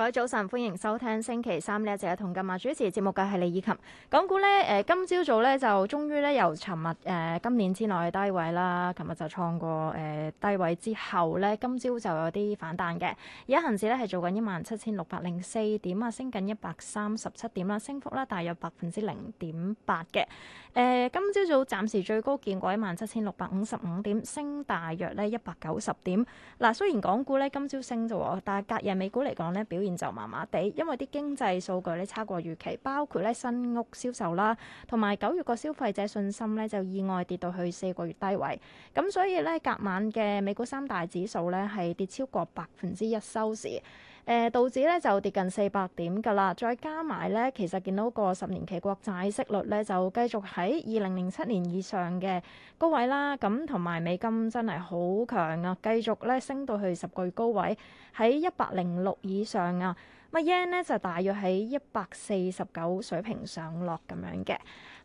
各位早晨，歡迎收聽星期三呢一節嘅《同金》，主持節目嘅係李以琴。港股咧，誒、呃，今朝早咧就終於咧由尋日誒、呃、今年之內嘅低位啦，尋日就創過誒、呃、低位之後咧，今朝就有啲反彈嘅。而家恆指咧係做緊一萬七千六百零四點啊，升緊一百三十七點啦，升幅咧大約百分之零點八嘅。誒、呃，今朝早暫時最高見過一萬七千六百五十五點，升大約咧一百九十點。嗱，雖然港股咧今朝升咗，但係隔日美股嚟講咧表現就麻麻地，因為啲經濟數據咧差過預期，包括咧新屋銷售啦，同埋九月個消費者信心咧就意外跌到去四個月低位，咁所以咧隔晚嘅美股三大指數咧係跌超過百分之一收市。誒道指咧就跌近四百點㗎啦，再加埋咧，其實見到個十年期國債息率咧就繼續喺二零零七年以上嘅高位啦。咁同埋美金真係好強啊，繼續咧升到去十個月高位喺一百零六以上啊。乜 yen 咧就大約喺一百四十九水平上落咁樣嘅。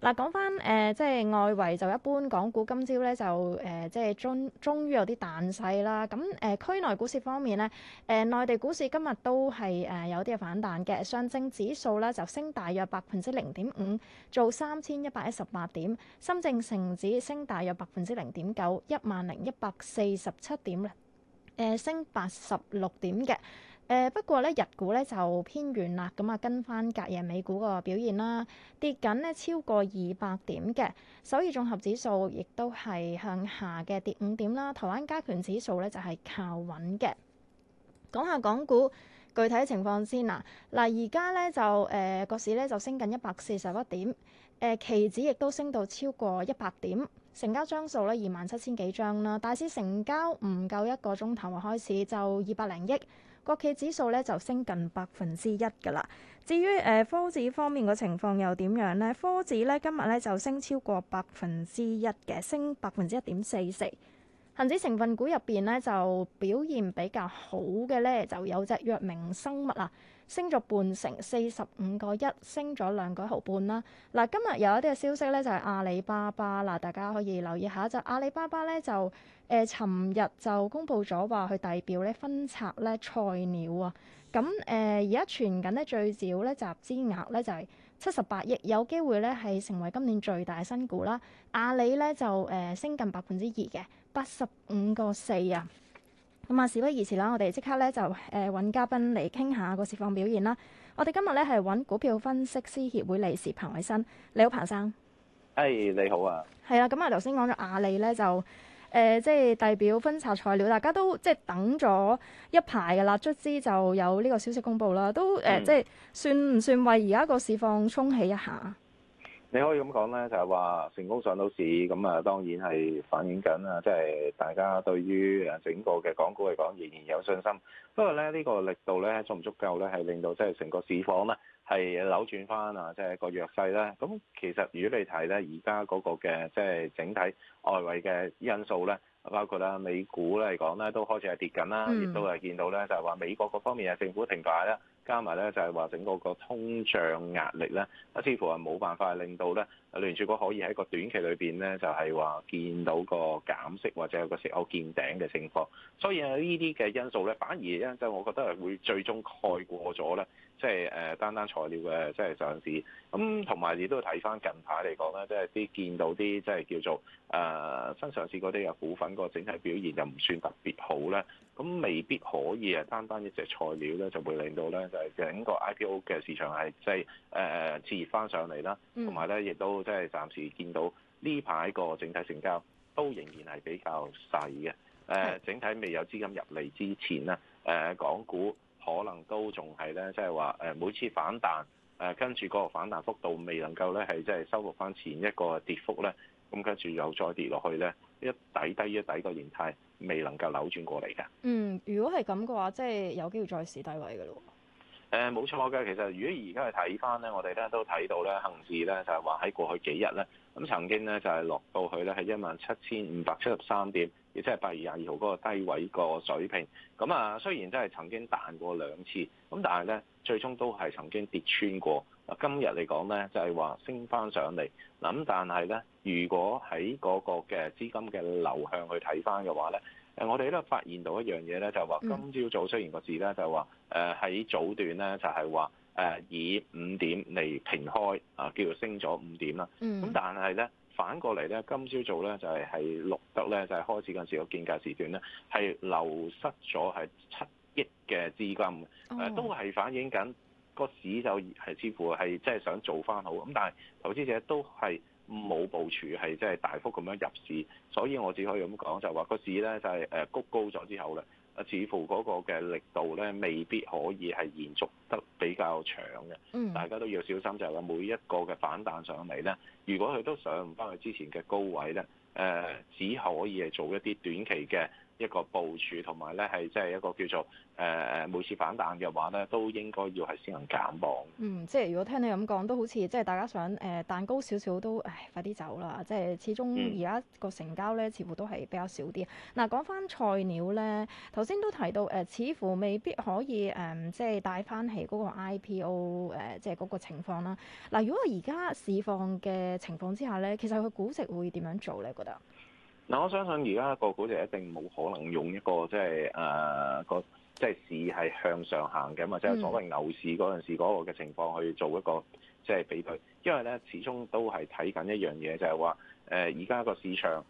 嗱，講翻誒，即係外圍就一般，港股今朝咧就誒，即係終終於有啲彈勢啦。咁、呃、誒，區內股市方面咧，誒、呃、內地股市今日都係誒、呃、有啲反彈嘅，上證指數咧就升大約百分之零點五，做三千一百一十八點；深證成指升大約百分之零點九，一萬零一百四十七點咧，誒升八十六點嘅。誒、呃、不過咧，日股咧就偏軟啦，咁啊跟翻隔夜美股個表現啦，跌緊咧超過二百點嘅。首爾綜合指數亦都係向下嘅，跌五點啦。台灣加權指數咧就係、是、靠穩嘅。講下港股具體情況先啦。嗱，而家咧就誒、個、呃、市咧就升緊一百四十一點，誒、呃、期指亦都升到超過一百點，成交張數咧二萬七千幾張啦。大市成交唔夠一個鐘頭啊，開始就二百零億。國企指數咧就升近百分之一㗎啦。至於誒、呃、科指方面個情況又點樣呢？科指咧今日咧就升超過百分之一嘅，升百分之一點四四。恒指成分股入邊咧就表現比較好嘅咧，就有隻藥明生物啊。升咗半成，四十五個一，升咗兩個毫半啦。嗱，今日有一啲嘅消息咧，就係、是、阿里巴巴啦，大家可以留意下。就阿里巴巴咧，就誒，尋、呃、日就公布咗話，佢遞表咧分拆咧菜鳥啊。咁、嗯、誒，而家傳緊咧最少咧集資額咧就係七十八億，有機會咧係成為今年最大新股啦。阿里咧就誒、呃、升近百分之二嘅，八十五個四啊。咁啊，事不宜遲啦，我哋即刻咧就誒揾、呃、嘉賓嚟傾下個市況表現啦。我哋今日咧係揾股票分析師協會理事彭偉新，你好，彭生。誒、哎，你好啊。係啦，咁啊，頭先講咗阿里咧就誒、呃，即係代表分拆材料，大家都即係等咗一排嘅啦，卒之就有呢個消息公布啦，都誒，呃嗯、即係算唔算為而家個市況沖起一下？你可以咁講呢，就係話成功上到市，咁啊當然係反映緊啊，即係大家對於誒整個嘅港股嚟講，仍然有信心。不過呢，呢個力度呢，足唔足夠呢？係令到即係成個市況呢，係扭轉翻啊，即係個弱勢啦。咁其實如果你睇咧，而家嗰個嘅即係整體外圍嘅因素咧，包括啦美股咧嚟講咧，都開始係跌緊啦，亦都係見到咧就係話美國嗰方面嘅政府停擺啦，加埋咧就係話整個個通脹壓力咧，似乎係冇辦法令到咧聯儲局可以喺個短期裏邊咧就係話見到個減息或者係個息口見頂嘅情況。所以呢啲嘅因素咧，反而咧就我覺得係會最終蓋過咗咧。即係誒單單材料嘅即係上市，咁同埋亦都睇翻近排嚟講咧，即係啲見到啲即係叫做誒、呃、新上市嗰啲嘅股份個整體表現又唔算特別好咧，咁未必可以啊單單一隻材料咧就會令到咧就係、是、整個 IPO 嘅市場係即係誒誒熾熱翻上嚟啦，同埋咧亦都即係暫時見到呢排個整體成交都仍然係比較細嘅，誒、呃、整體未有資金入嚟之前咧，誒、呃、港股。可能都仲係咧，即係話誒每次反彈誒，跟住個反彈幅度未能夠咧係即係收復翻前一個跌幅咧，咁跟住又再跌落去咧，一底低一底個形態未能夠扭轉過嚟嘅。嗯，如果係咁嘅話，即係有機會再試低位嘅咯。誒、嗯，冇錯嘅。其實如果而家去睇翻咧，我哋咧都睇到咧，恆指咧就係話喺過去幾日咧。咁曾經咧就係落到去咧係一萬七千五百七十三點，亦即係八月廿二號嗰個低位個水平。咁啊，雖然真係曾經彈過兩次，咁但係咧最終都係曾經跌穿過。啊，今日嚟講咧就係話升翻上嚟嗱，咁但係咧如果喺嗰個嘅資金嘅流向去睇翻嘅話咧，誒我哋都發現到一樣嘢咧，就係話今朝早雖然個市咧，就話誒喺早段咧就係話。誒以五點嚟平開啊，叫做升咗五點啦。咁、mm hmm. 但係咧，反過嚟咧，今朝早咧就係係錄得咧，就係、是就是、開始嗰陣時個見價時段咧，係流失咗係七億嘅資金，誒、oh. 都係反映緊、那個市就係似乎係即係想做翻好。咁但係投資者都係冇部署係即係大幅咁樣入市，所以我只可以咁講就話、是那個市咧就係誒谷高咗之後咧。似乎嗰個嘅力度咧，未必可以係延續得比較長嘅。Mm. 大家都要小心，就係話每一個嘅反彈上嚟咧，如果佢都上唔翻去之前嘅高位咧，誒、呃，只可以係做一啲短期嘅。一個部署同埋咧，係即係一個叫做誒、呃、每次反彈嘅話咧，都應該要係先行減磅。嗯，即係如果聽你咁講，都好似即係大家想誒彈高少少都，唉，快啲走啦！即係始終而家個成交咧，似乎都係比較少啲。嗱、啊，講翻菜鳥咧，頭先都提到誒、呃，似乎未必可以誒、呃，即係帶翻起嗰個 IPO 誒、呃，即係嗰個情況啦。嗱、啊，如果而家市況嘅情況之下咧，其實佢估值會點樣做咧？你覺得？嗱，我相信而家個股就一定冇可能用一個即係誒、呃、個即係市係向上行嘅嘛，即係所謂牛市嗰陣時嗰個嘅情況去做一個即係比對。因為咧始終都係睇緊一樣嘢，就係話誒而家個市場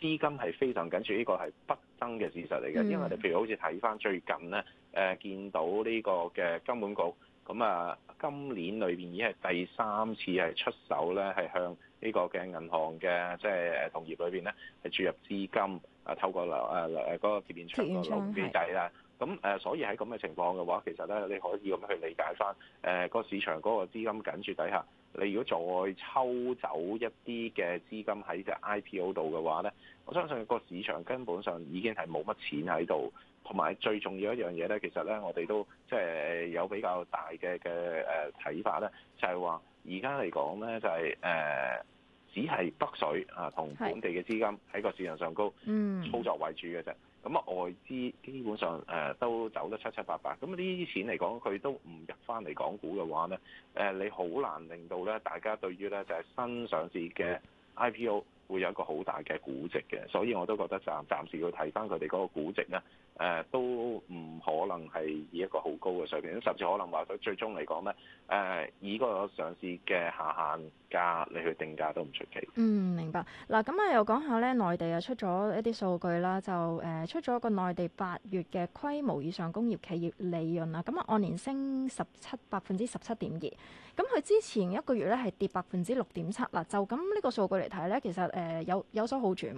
資金係非常緊張呢、這個係不爭嘅事實嚟嘅，嗯、因為你譬如好似睇翻最近咧誒、呃、見到呢個嘅金管局。咁啊，今年裏邊已經係第三次係出手咧，係向呢個嘅銀行嘅即係誒同業裏邊咧係注入資金啊，透過流誒誒嗰個貼現窗個流資機制啦。咁誒，所以喺咁嘅情況嘅話，其實咧你可以咁去理解翻誒個市場嗰個資金緊絀底下，你如果再抽走一啲嘅資金喺隻 IPO 度嘅話咧，我相信個市場根本上已經係冇乜錢喺度。同埋最重要一樣嘢咧，其實咧，我哋都即係有比較大嘅嘅誒睇法咧，就係話而家嚟講咧，就係誒只係北水啊同本地嘅資金喺個市場上高操作為主嘅啫。咁啊，外資基本上誒都走得七七八八。咁呢啲錢嚟講，佢都唔入翻嚟港股嘅話咧，誒你好難令到咧大家對於咧就係新上市嘅 IPO。會有一個好大嘅估值嘅，所以我都覺得暫暫時要睇翻佢哋嗰個估值咧，誒、呃、都唔可能係以一個好高嘅水平，甚至可能話佢最終嚟講呢，誒、呃、以個上市嘅下限價你去定價都唔出奇。嗯，明白。嗱，咁啊又講下呢，內地啊出咗一啲數據啦，就誒出咗一個內地八月嘅規模以上工業企業利潤啦，咁啊按年升十七百分之十七點二。咁佢之前一個月咧係跌百分之六點七啦，就咁呢個數據嚟睇咧，其實誒、呃、有有所好轉，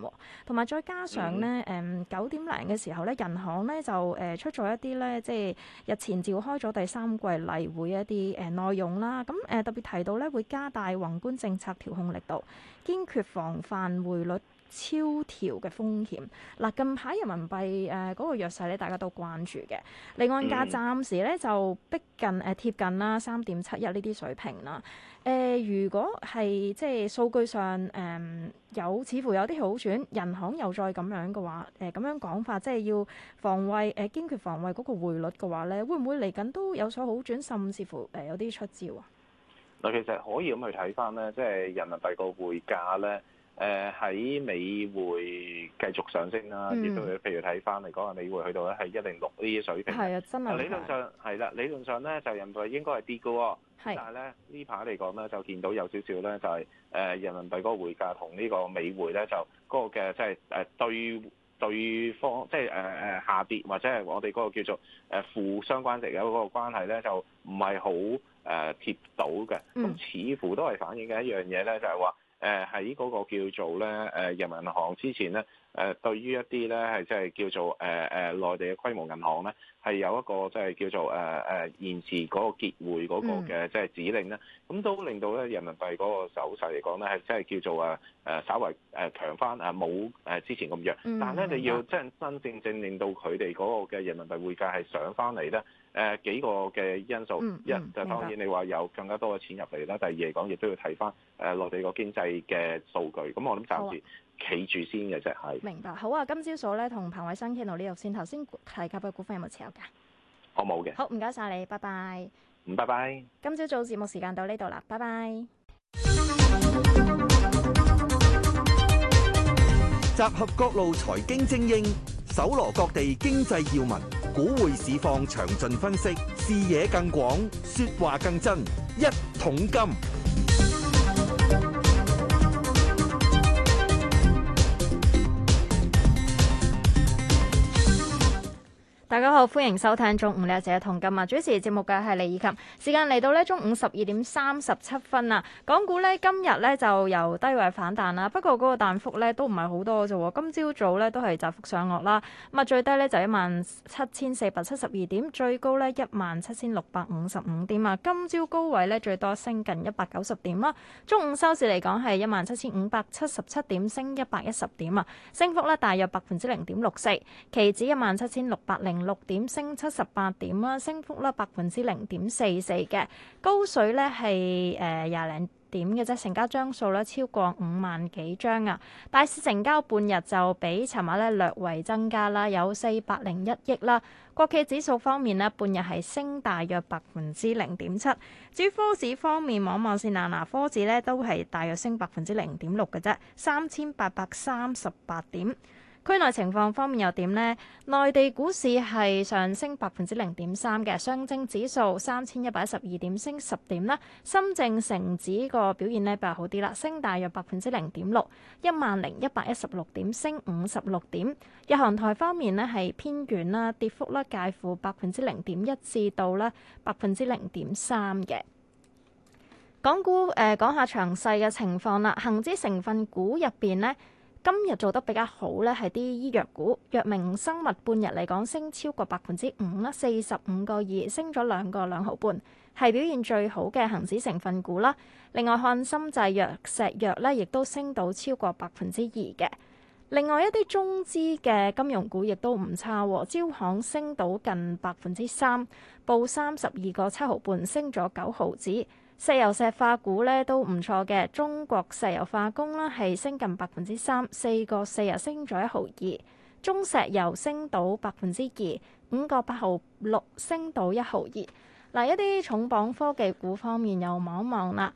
同埋再加上咧誒九點零嘅時候咧，人行咧就誒出咗一啲咧，即係日前召開咗第三季例會一啲誒內容啦，咁、呃、誒特別提到咧會加大宏觀政策調控力度，堅決防範匯率。超調嘅風險嗱，近排人民幣誒嗰、呃那個弱勢咧，大家都關注嘅。離岸價暫時咧就逼近誒、呃、貼近啦，三點七一呢啲水平啦。誒、呃，如果係即係數據上誒、呃、有似乎有啲好轉，人行又再咁樣嘅話，誒、呃、咁樣講法，即係要防衞誒、呃、堅決防衞嗰個匯率嘅話咧，會唔會嚟緊都有所好轉，甚至乎誒有啲出招啊？嗱，其實可以咁去睇翻咧，即、就、係、是、人民幣個匯價咧。誒喺、呃、美匯繼續上升啦、啊，啲都、mm hmm. 譬如睇翻嚟講啊，美匯去到咧係一零六呢啲水平，係啊，真係理論上係啦，理論上咧就人民幣應該係跌嘅喎，的但係咧呢排嚟講咧就見到有少少咧就係誒人民幣嗰個匯價同呢個美匯咧就嗰、嗰個嘅即係誒對對方即係誒誒下跌或者係我哋嗰個叫做誒負、呃、相關性有嗰個關係咧就唔係好誒貼到嘅，咁似乎都係反映嘅一樣嘢咧，就係話。誒係依嗰個叫做咧誒人民銀行之前咧誒對於一啲咧係即係叫做誒誒內地嘅規模銀行咧係有一個即係叫做誒誒現時嗰個結匯嗰個嘅即係指令咧，咁、嗯、都令到咧人民幣嗰個手勢嚟講咧係即係叫做誒誒稍為誒強翻啊，冇誒之前咁弱，但係咧你要即係真真正正令到佢哋嗰個嘅人民幣匯價係上翻嚟咧。誒、呃，幾個嘅因素一，就、嗯嗯、當然你話有更加多嘅錢入嚟啦。白第二嚟講亦都要睇翻誒，內地個經濟嘅數據。咁我諗暫時企住先嘅啫，係、啊。就是、明白，好啊！今朝早咧，同彭偉新傾到呢度先。頭先提及嘅股份有冇持有噶？我冇嘅。好，唔該晒你，拜拜。唔拜，拜拜。今朝早節目時間到呢度啦，拜拜。集合各路財經精英，搜羅各地經濟要聞。股匯市況詳盡分析，視野更廣，説話更真，一桶金。大家好，歡迎收聽中午呢一節嘅《同今日主持節目嘅係李以琴。時間嚟到呢，中午十二點三十七分啦，港股呢，今日呢就由低位反彈啦，不過嗰個彈幅呢都唔係好多嘅啫。今朝早，早呢都係窄幅上落啦，咁啊最低呢就一萬七千四百七十二點，最高呢一萬七千六百五十五點啊。今朝高位呢最多升近一百九十點啦。中午收市嚟講係一萬七千五百七十七點，升一百一十點啊，升幅呢大約百分之零點六四。期指一萬七千六百零。六點升七十八點啦，升幅呢百分之零點四四，嘅高水呢係誒廿零點嘅啫，成交張數呢超過五萬幾張啊。大市成交半日就比尋日呢略為增加啦，有四百零一億啦。國企指數方面呢，半日係升大約百分之零點七。至於科指方面，網網線那拿科指呢都係大約升百分之零點六嘅啫，三千八百三十八點。區內情況方面又點呢？內地股市係上升百分之零點三嘅，上證指數三千一百一十二點，升十點啦。深證成指個表現咧比較好啲啦，升大約百分之零點六，一萬零一百一十六點，升五十六點。日韓台方面呢係偏軟啦，跌幅咧介乎百分之零點一至到咧百分之零點三嘅。港股誒講下詳細嘅情況啦，恆指成分股入邊呢。今日做得比較好咧，係啲醫藥股，藥明生物半日嚟講升超過百分之五啦，四十五個二，升咗兩個兩毫半，係表現最好嘅恆指成分股啦。另外翰森製藥石藥咧，亦都升到超過百分之二嘅。另外一啲中資嘅金融股亦都唔差，招行升到近百分之三，報三十二個七毫半，升咗九毫子。石油石化股咧都唔錯嘅，中國石油化工啦係升近百分之三，四個四日升咗一毫二；中石油升到百分之二，五個八毫六升到一毫二。嗱，一啲重磅科技股方面又望一望啦，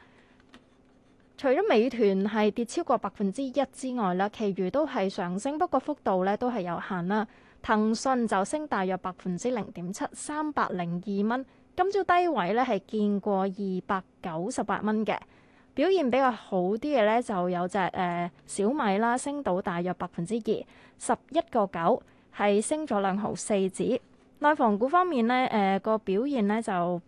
除咗美團係跌超過百分之一之外啦，其餘都係上升，不過幅度咧都係有限啦。騰訊就升大約百分之零點七，三百零二蚊。今朝低位咧係見過二百九十八蚊，嘅表現比較好啲嘅咧，就有隻誒、呃、小米啦，升到大約百分之二十一個九，係升咗兩毫四子。內房股方面咧，誒、呃、個表現咧就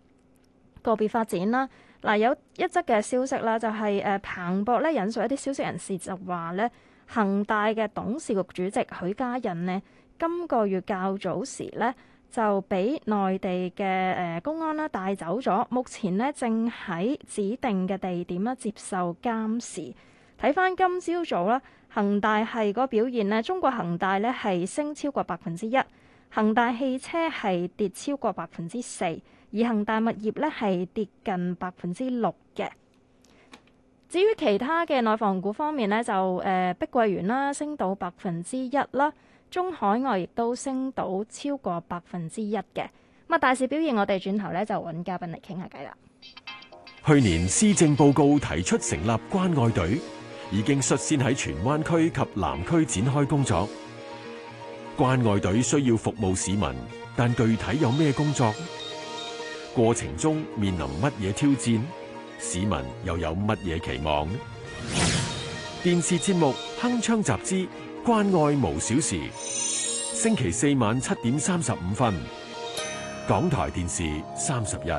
個別發展啦。嗱、呃，有一則嘅消息啦，就係誒彭博咧引述一啲消息人士就話咧，恒大嘅董事局主席許家印呢，今個月較早時咧。就俾內地嘅誒、呃、公安咧帶走咗，目前呢，正喺指定嘅地點咧接受監視。睇返今朝早啦，恒大係個表現呢，中國恒大呢係升超過百分之一，恒大汽車係跌超過百分之四，而恒大物業呢係跌近百分之六嘅。至於其他嘅內房股方面呢，就誒、呃、碧桂園啦，升到百分之一啦。中海外亦都升到超過百分之一嘅，咁啊，大市表現我哋轉頭咧就揾嘉賓嚟傾下偈啦。去年施政報告提出成立關愛隊，已經率先喺荃灣區及南區展開工作。關愛隊需要服務市民，但具體有咩工作？過程中面臨乜嘢挑戰？市民又有乜嘢期望？電視節目《鏗鏘集》之。關愛無小事。星期四晚七點三十五分，港台電視三十一。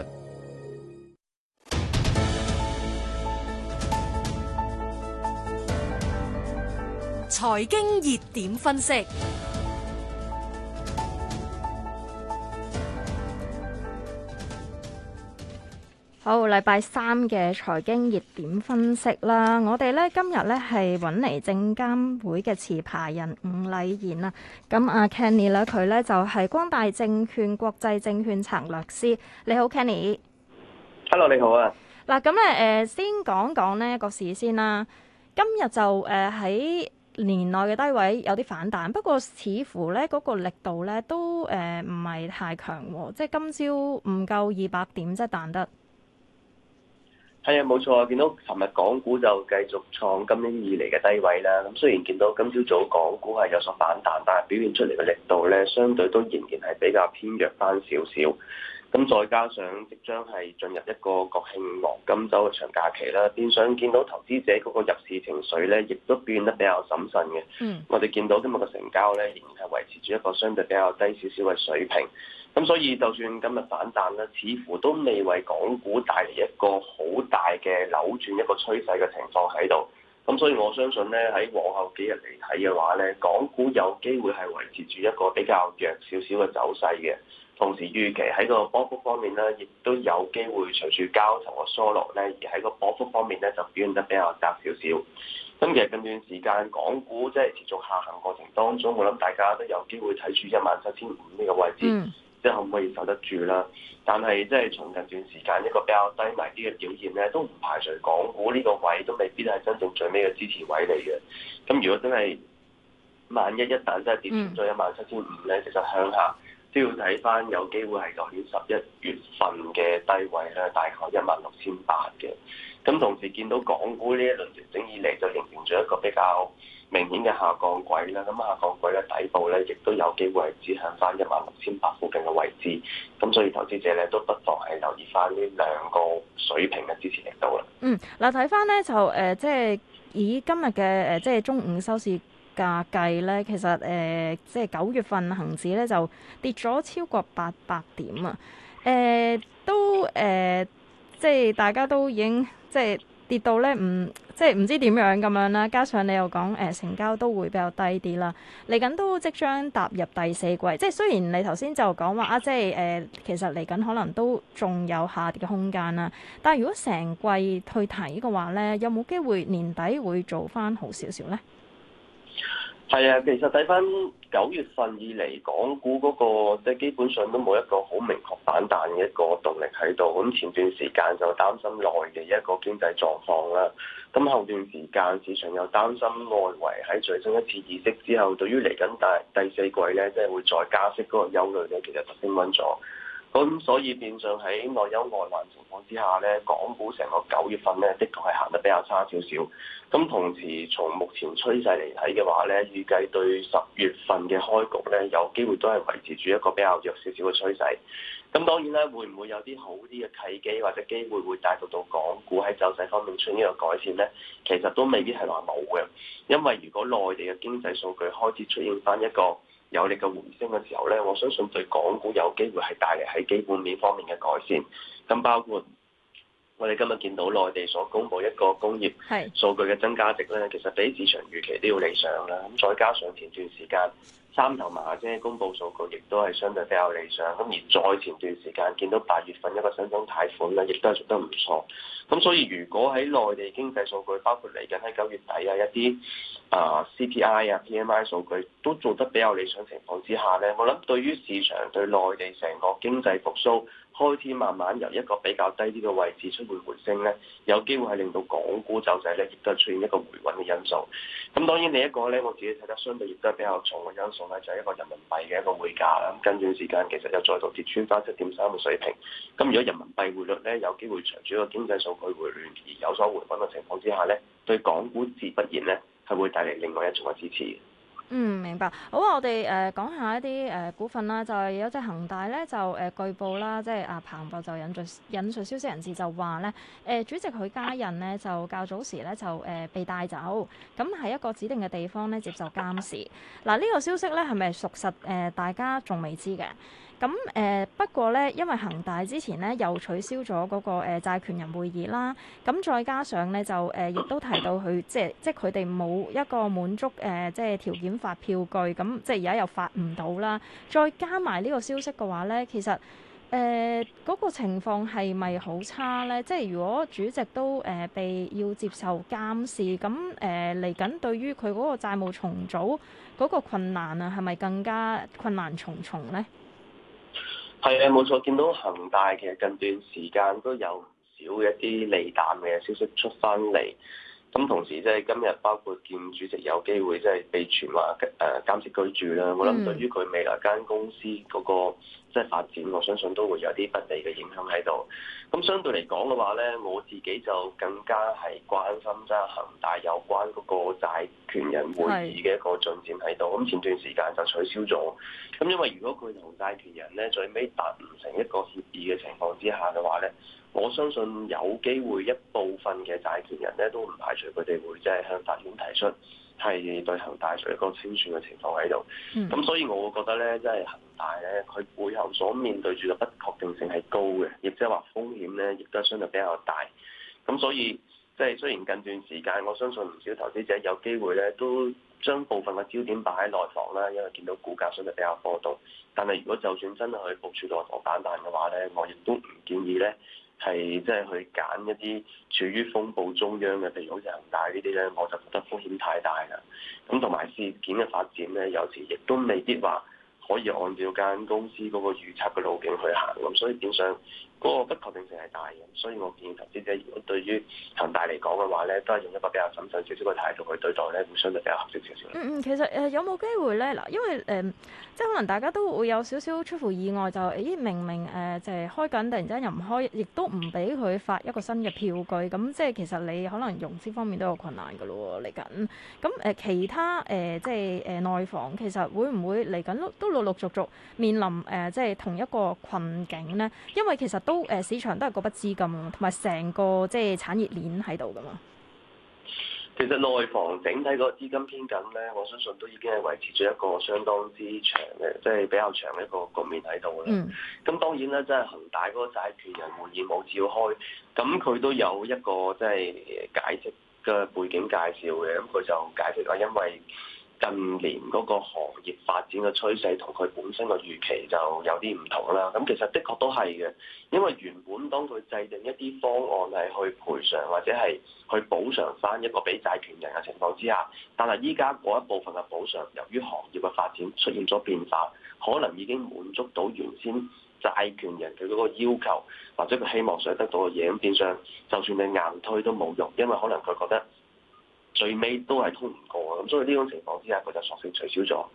財經熱點分析。好，禮拜三嘅財經熱點分析啦。我哋咧今日咧係揾嚟證監會嘅持牌人伍禮賢啦。咁啊 Kenny 咧，佢咧就係、是、光大證券國際證券策略師。你好 Kenny Hello，你好啊。嗱，咁咧誒，先講講咧個事先啦。今日就誒喺、呃、年內嘅低位有啲反彈，不過似乎咧嗰、那個力度咧都誒唔係太強喎、啊。即係今朝唔夠二百點，即係彈得。係啊，冇錯啊！見到琴日港股就繼續創今年以嚟嘅低位啦。咁雖然見到今朝早港股係有所反彈，彈，但係表現出嚟嘅力度咧，相對都仍然係比較偏弱翻少少。咁再加上即將係進入一個國慶黃金周嘅長假期啦，變相見到投資者嗰個入市情緒咧，亦都表現得比較審慎嘅。嗯，我哋見到今日嘅成交咧，仍然係維持住一個相對比較低少少嘅水平。咁所以就算今日反彈咧，似乎都未為港股帶嚟一個好大嘅扭轉一個趨勢嘅情況喺度。咁所以我相信咧，喺往後幾日嚟睇嘅話咧，港股有機會係維持住一個比較弱少少嘅走勢嘅。同時預期喺個波幅方面咧，亦都有機會隨住交投嘅疏落咧，而喺個波幅方面咧就表現得比較窄少少。咁其實近段時間港股即係持續下行過程當中，我諗大家都有機會睇住一萬七千五呢個位置。嗯即係可唔可以守得住啦？但係即係從近段時間一個比較低迷啲嘅表現咧，都唔排除港股呢個位都未必係真正最尾嘅支持位嚟嘅。咁如果真係萬一一旦真係跌穿咗一萬七千五咧，其實向下都要睇翻有機會係嚟自十一月份嘅低位咧，大概一萬六千八嘅。咁同時見到港股呢一輪調整以嚟就形成咗一個比較明顯嘅下降軌啦，咁下降軌咧，底部咧，亦都有機會係指向翻一萬六千八附近嘅位置，咁所以投資者咧都不妨係留意翻呢兩個水平嘅支持力度啦。嗯，嗱睇翻咧就誒、呃，即係以今日嘅誒即係中午收市價計咧，其實誒、呃、即係九月份恆指咧就跌咗超過八百點啊！誒、呃、都誒、呃、即係大家都已經即係。跌到咧唔即係唔知點樣咁樣啦，加上你又講誒、呃、成交都會比較低啲啦，嚟緊都即將踏入第四季，即係雖然你頭先就講話啊，即係誒、呃、其實嚟緊可能都仲有下跌嘅空間啦，但係如果成季去睇嘅話咧，有冇機會年底會做翻好少少咧？係啊，其實睇翻。九月份以嚟，港股嗰，那個即係基本上都冇一個好明確反彈嘅一個動力喺度。咁前段時間就擔心內地一個經濟狀況啦，咁後段時間市場又擔心外圍喺最新一次議息之後，對於嚟緊第第四季咧，即係會再加息嗰個憂慮咧，其實就升溫咗。咁所以變相喺內憂外患情況之下咧，港股成個九月份咧，的確係行得比較差少少。咁同時從目前趨勢嚟睇嘅話咧，預計對十月份嘅開局咧，有機會都係維持住一個比較弱少少嘅趨勢。咁當然咧，會唔會有啲好啲嘅契機或者機會，會帶到到港股喺走勢方面出現一個改善咧？其實都未必係話冇嘅，因為如果內地嘅經濟數據開始出現返一個。有力嘅回升嘅時候咧，我相信對港股有機會係帶嚟喺基本面方面嘅改善。咁包括我哋今日見到內地所公布一個工業數據嘅增加值咧，其實比市場預期都要理想啦。咁再加上前段時間。三頭馬啫，公布數據亦都係相對比較理想。咁而再前段時間見到八月份一個新增貸款咧，亦都係做得唔錯。咁所以如果喺內地經濟數據，包括嚟緊喺九月底啊一啲 CP 啊 CPI 啊 PMI 數據都做得比較理想情況之下咧，我諗對於市場對內地成個經濟復甦開始慢慢由一個比較低啲嘅位置出回回升咧，有機會係令到港股走勢咧亦都係出現一個回穩嘅因素。咁當然另一個咧，我自己睇得相對亦都係比較重嘅因素。就係一個人民幣嘅一個匯價啦。近段時間其實又再度跌穿翻七點三嘅水平。咁如果人民幣匯率咧有機會隨住個經濟數據回暖而有所回穩嘅情況之下咧，對港股自不然咧，係會帶嚟另外一種嘅支持。嗯，明白。好啊，我哋誒、呃、講一下一啲誒、呃、股份啦，就係、是、有隻恒大咧就誒據、呃、報啦，即係阿彭博就引述引述消息人士就話咧，誒、呃、主席許家印呢，就較早時咧就誒、呃、被帶走，咁喺一個指定嘅地方咧接受監視。嗱、呃，呢、這個消息咧係咪屬實？誒、呃，大家仲未知嘅。咁誒、呃、不過咧，因為恒大之前咧又取消咗嗰、嗰個誒、呃、債權人會議啦。咁再加上咧就誒、呃，亦都提到佢即係即係佢哋冇一個滿足誒、呃，即係條件發票據，咁即係而家又發唔到啦。再加埋呢個消息嘅話咧，其實誒嗰、呃嗰個情況係咪好差咧？即係如果主席都誒、呃、被要接受監視，咁誒嚟緊對於佢嗰個債務重組嗰個困難啊，係咪更加困難重重咧？係啊，冇錯。見到恒大其實近段時間都有唔少一啲利淡嘅消息出翻嚟。咁同時，即係今日包括建主席有機會即係被傳話誒監視居住啦。我諗、嗯、對於佢未來間公司嗰個即係發展，我相信都會有啲不利嘅影響喺度。咁相對嚟講嘅話咧，我自己就更加係關心即係恒大有關嗰個債權人會議嘅一個進展喺度。咁是前段時間就取消咗。咁因為如果佢同債權人咧最尾達唔成一個協議嘅情況之下嘅話咧，我相信有機會一部分嘅債權人咧都唔排除佢哋會即係向法院提出係對恒大做一個清算嘅情況喺度。咁、嗯、所以我會覺得咧，即係恒大咧，佢背後所面對住嘅不確定性係高嘅，亦即係話風險咧亦都係相對比較大。咁所以即係、就是、雖然近段時間我相信唔少投資者有機會咧，都將部分嘅焦點擺喺內房啦，因為見到股價相對比較波動。但係如果就算真係去部署內房反彈嘅話咧，我亦都唔建議咧。係即係去揀一啲處於風暴中央嘅，譬如好似、恒大呢啲咧，我就覺得風險太大啦。咁同埋事件嘅發展咧，有時亦都未必話可以按照間公司嗰個預測嘅路徑去行，咁所以變相…嗰個不確定性係大嘅，所以我建議投資者如果對於恒大嚟講嘅話咧，都係用一個比較審慎少少嘅態度去對待咧，會相對比較合適少少。嗯，其實誒有冇機會咧？嗱，因為誒即係可能大家都會有少少出乎意外，就誒明明誒就係開緊，突然之間又唔開，亦都唔俾佢發一個新嘅票據，咁即係其實你可能融資方面都有困難㗎咯嚟緊。咁誒其他誒即係誒內房，其實 mark，會唔會嚟緊都都陸陸續續續面臨誒即係同一個困境咧？因為其實。都誒、呃、市場都係個筆資金，同埋成個即係產業鏈喺度噶嘛。其實內房整體個資金偏緊咧，我相信都已經係維持咗一個相當之長嘅，即係比較長嘅一個局面喺度啦。咁、嗯、當然啦，即係恒大嗰個債權人會議冇召開，咁佢都有一個即係解釋嘅背景介紹嘅，咁佢就解釋話因為，近年嗰個行業發展嘅趨勢同佢本身嘅預期就有啲唔同啦。咁其實的確都係嘅，因為原本當佢制定一啲方案係去賠償或者係去補償翻一個俾債權人嘅情況之下，但係依家嗰一部分嘅補償，由於行業嘅發展出現咗變化，可能已經滿足到原先債權人佢嗰個要求或者佢希望想得到嘅嘢，咁變相就算你硬推都冇用，因為可能佢覺得。最尾都係通唔過。咁所以呢種情況之下，佢就索性取消咗。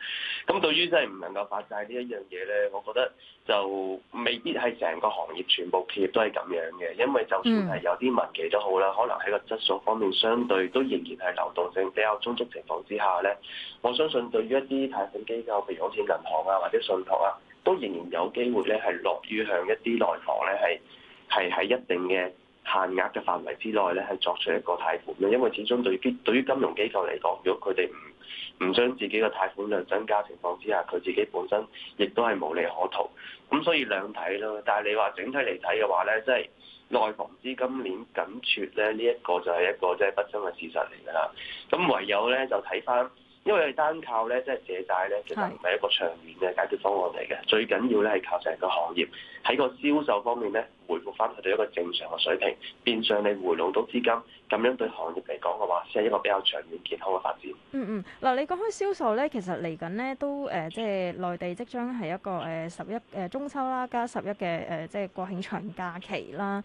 咁對於真係唔能夠發債呢一樣嘢咧，我覺得就未必係成個行業全部企業都係咁樣嘅，因為就算係有啲民企都好啦，可能喺個質素方面相對都仍然係流動性比較充足情況之下咧，我相信對於一啲貸款機構，譬如好似銀行啊或者信託啊，都仍然有機會咧係樂於向一啲內房咧係係喺一定嘅。限額嘅範圍之內咧，係作出一個貸款啦。因為始終對於對於金融機構嚟講，如果佢哋唔唔將自己嘅貸款量增加情況之下，佢自己本身亦都係無利可圖。咁所以兩睇咯。但係你話整體嚟睇嘅話咧，即係內房資金鏈緊缺咧，呢一個就係一個即係不爭嘅事實嚟㗎啦。咁唯有咧就睇翻。因為單靠咧，即係借債咧，其實唔係一個長遠嘅解決方案嚟嘅。是最緊要咧係靠成個行業喺個銷售方面咧，回復翻佢哋一個正常嘅水平，變相你回籠到資金，咁樣對行業嚟講嘅話，先係一個比較長遠健康嘅發展。嗯嗯，嗱、嗯，你講開銷售咧，其實嚟緊咧都誒、呃，即係內地即將係一個誒十一誒中秋、呃、啦，加十一嘅誒即係國慶長假期啦。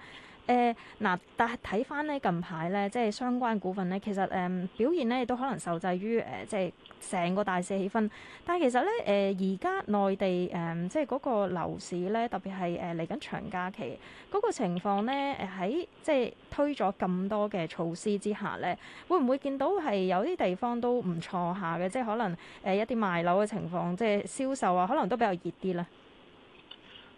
誒嗱、呃，但係睇翻咧近排咧，即係相關股份咧，其實誒、呃、表現咧都可能受制於誒即係成個大市氣氛。但係其實咧誒而家內地誒、呃、即係嗰個樓市咧，特別係誒嚟緊長假期嗰、嗰個情況咧，喺即係推咗咁多嘅措施之下咧，會唔會見到係有啲地方都唔錯下嘅？即係可能誒一啲賣樓嘅情況，即係銷售啊，可能都比較熱啲啦。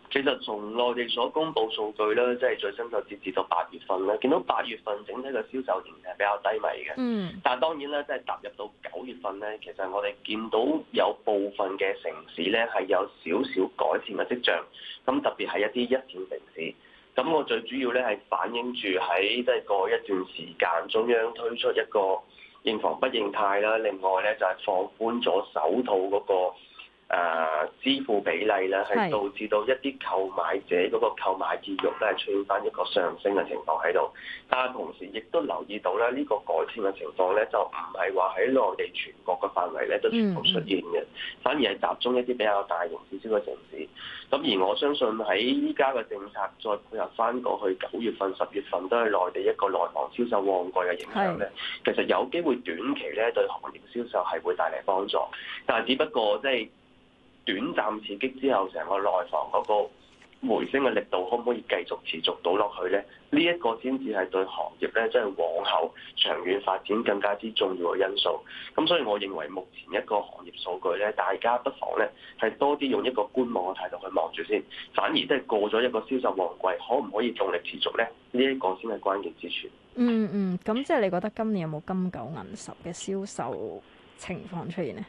其實從內地所公布數據咧，即係最新就截止到八月份咧，見到八月份整體嘅銷售形勢係比較低迷嘅。嗯。但係當然咧，即係踏入到九月份咧，其實我哋見到有部分嘅城市咧係有少少改善嘅跡象。咁特別係一啲一線城市。咁我最主要咧係反映住喺即係過一段時間，中央推出一個認房不認貸啦，另外咧就係放寬咗首套嗰、嗰個。誒、呃、支付比例咧，係導致到一啲購買者嗰、那個購買意欲都係出現翻一個上升嘅情況喺度。但係同時亦都留意到咧，呢、這個改善嘅情況咧，就唔係話喺內地全國嘅範圍咧都全部出現嘅，反而係集中一啲比較大型少少嘅城市。咁而我相信喺依家嘅政策再配合翻過去九月份、十月份都係內地一個內房銷售旺季嘅影響咧，是其實有機會短期咧對行業銷售係會帶嚟幫助。但係只不過即係。短暫刺激之後，成個內房嗰個回升嘅力度，可唔可以繼續持續到落去呢？呢一個先至係對行業咧，即係往後長遠發展更加之重要嘅因素。咁所以，我認為目前一個行業數據咧，大家不妨咧係多啲用一個觀望嘅態度去望住先。反而，即係過咗一個銷售旺季，可唔可以重力持續呢？呢一個先係關鍵之處。嗯嗯，咁即係你覺得今年有冇金九銀十嘅銷售情況出現呢？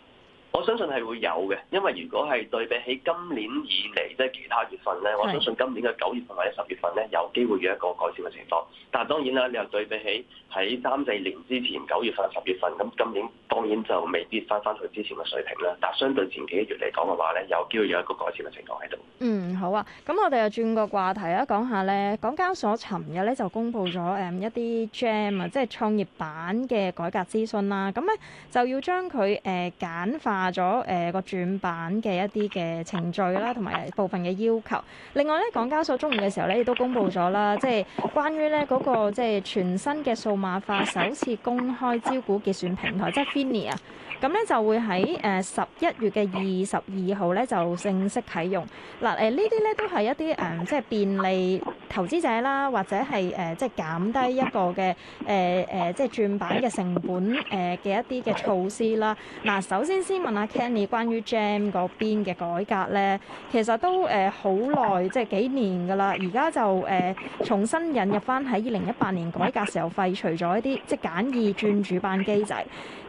我相信係會有嘅，因為如果係對比起今年以嚟，即係其他月份咧，是的 我相信今年嘅九月份或者十月份咧，有機會有一個改善嘅情況。但係當然啦，你又對比起喺三四年之前九月份、十月份，咁今年當然就未必翻翻去之前嘅水平啦。但係相對前幾個月嚟講嘅話咧，有機會有一個改善嘅情況喺度。嗯，好啊，咁我哋又轉個話題啊，講下咧，港交所尋日咧就公布咗誒一啲 GEM 啊，即係創業板嘅改革諮詢啦。咁咧就要將佢誒、呃、簡化。下咗誒個轉板嘅一啲嘅程序啦，同埋部分嘅要求。另外咧，港交所中午嘅時候咧亦都公布咗啦，即係關於咧嗰個即係全新嘅數碼化首次公開招股結算平台，即係 FINI。咁咧就會喺誒十一月嘅二十二號咧就正式啟用。嗱，誒呢啲咧都係一啲誒即係便利投資者啦，或者係誒即係減低一個嘅誒誒即係轉板嘅成本誒嘅一啲嘅措施啦。嗱，首先先問下 Kenny 關於 GEM 嗰邊嘅改革咧，其實都誒好耐即係幾年㗎喇，而家就誒重新引入返喺二零一八年改革時候廢除咗一啲即係簡易轉主板機制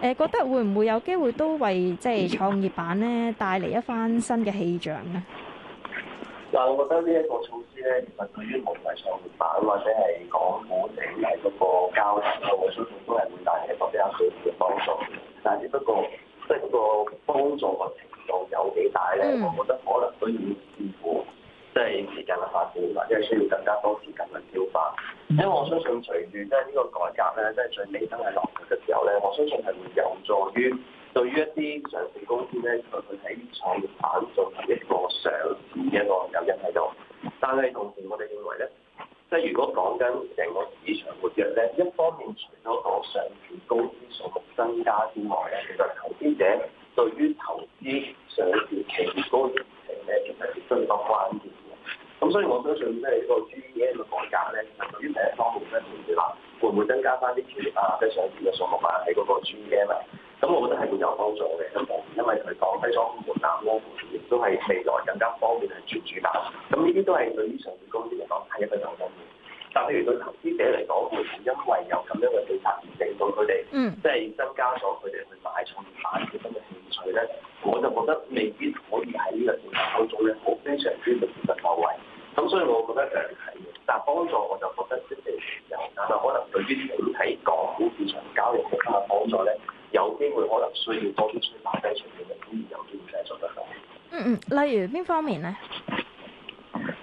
誒，覺得會唔會有？機會都為即係創業板咧帶嚟一番新嘅氣象嘅。嗱、嗯，我覺得呢一個措施咧，其實對於無論係創業板或者係港股整體嗰個交易啊，相信都係會帶嚟一個比較小嘅幫助。但係，只不過即係嗰個幫助個程度有幾大咧，我覺得可能都要試估。即係時間嘅發展，或者係需要更加多時間嘅消化。因為我相信隨住即係呢個改革咧，即係最尾真係落實嘅時候咧，我相信係會有助於對於一啲上市公司咧，佢喺創業板做一個上市嘅一個有益喺度。但係同時，我哋認為咧，即係如果講緊成個市場活躍咧，一方面除咗個上市公司數目增加之外咧，其實投資者對於投資上市企業嘅事情咧，其實亦都好關鍵。咁所以我相信，即係嗰個 GEM 嘅改革咧，其實對於第一方面咧，譬如話會唔會增加翻啲企業啊，即係上市嘅數目啊，喺嗰個 GEM 啊，咁我覺得係會有幫助嘅。一方面，因為佢降低咗門檻，咁亦都係未來更加方便係轉主板。咁呢啲都係對於上市公司嚟講係一個好正面。但譬如對投資者嚟講，會唔會因為有咁樣嘅政策而令到佢哋，嗯，即係增加咗佢哋去買創業板嘅興趣咧？我就覺得未必可以喺呢個政策去做咧，好非常之特別到位。咁所以我覺得就係，但幫助我就覺得即係有，但係可能對於整體港股市場交易嘅幫助咧，有機會可能需要多啲先擺低前面嘅有油先嚟做得到。嗯嗯，例如邊方面咧？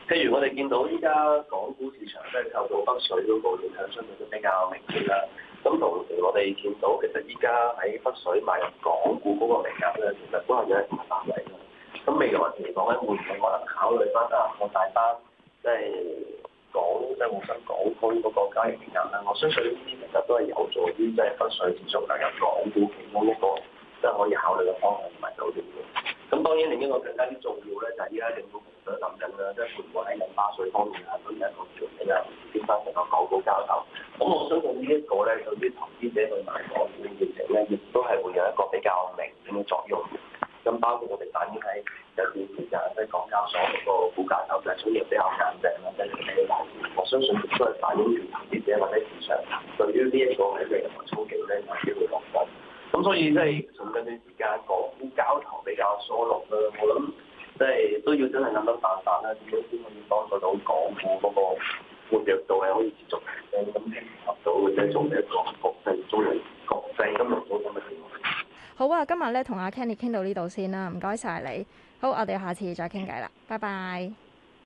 譬、 嗯如， 嗯、如我哋見到依家港股市場都係受到北水嗰個影響，相對都比較明顯啦。咁同時我哋見到其實依家喺北水買入港股嗰個力度咧，其實都係有一定嘅壓咁未來嚟講咧，會唔會可能考慮翻啊？我大班即係港，即係互相港區嗰個交易量啦。我相信呢啲其實都係有助於即係、就是、北水持續大家港股嘅某一個即係可以考慮嘅方向同埋酒店。嘅。咁當然另一個更加啲重要咧，就係而家政府唔想諗緊啦，即係會唔會喺印花稅方面啊，都有一個調整啊，先生能夠好好交手。咁我相信呢、這、一個咧，對於投資者去嚟講嘅現成咧，亦都係會有一個比較明顯嘅作用。咁包括我哋反映喺入面時間，即係港交所嗰個股價走勢趨勢比較緊張啦，跟住咧，我相信亦都係反映住投資者或者市場對於呢一個嘅市場初期咧，即係有機會落震。咁所以即係從近段時間講，交投比較疏落啦，我諗即係都要真係諗諗辦法啦，點樣先可以幫助到港股嗰個活躍度係可以持續嘅，咁配合到即係做一個國際中嘅國際金好啊，今日咧同阿 Kenny 傾到呢度先啦，唔該晒你。好，我哋下次再傾偈啦，拜拜。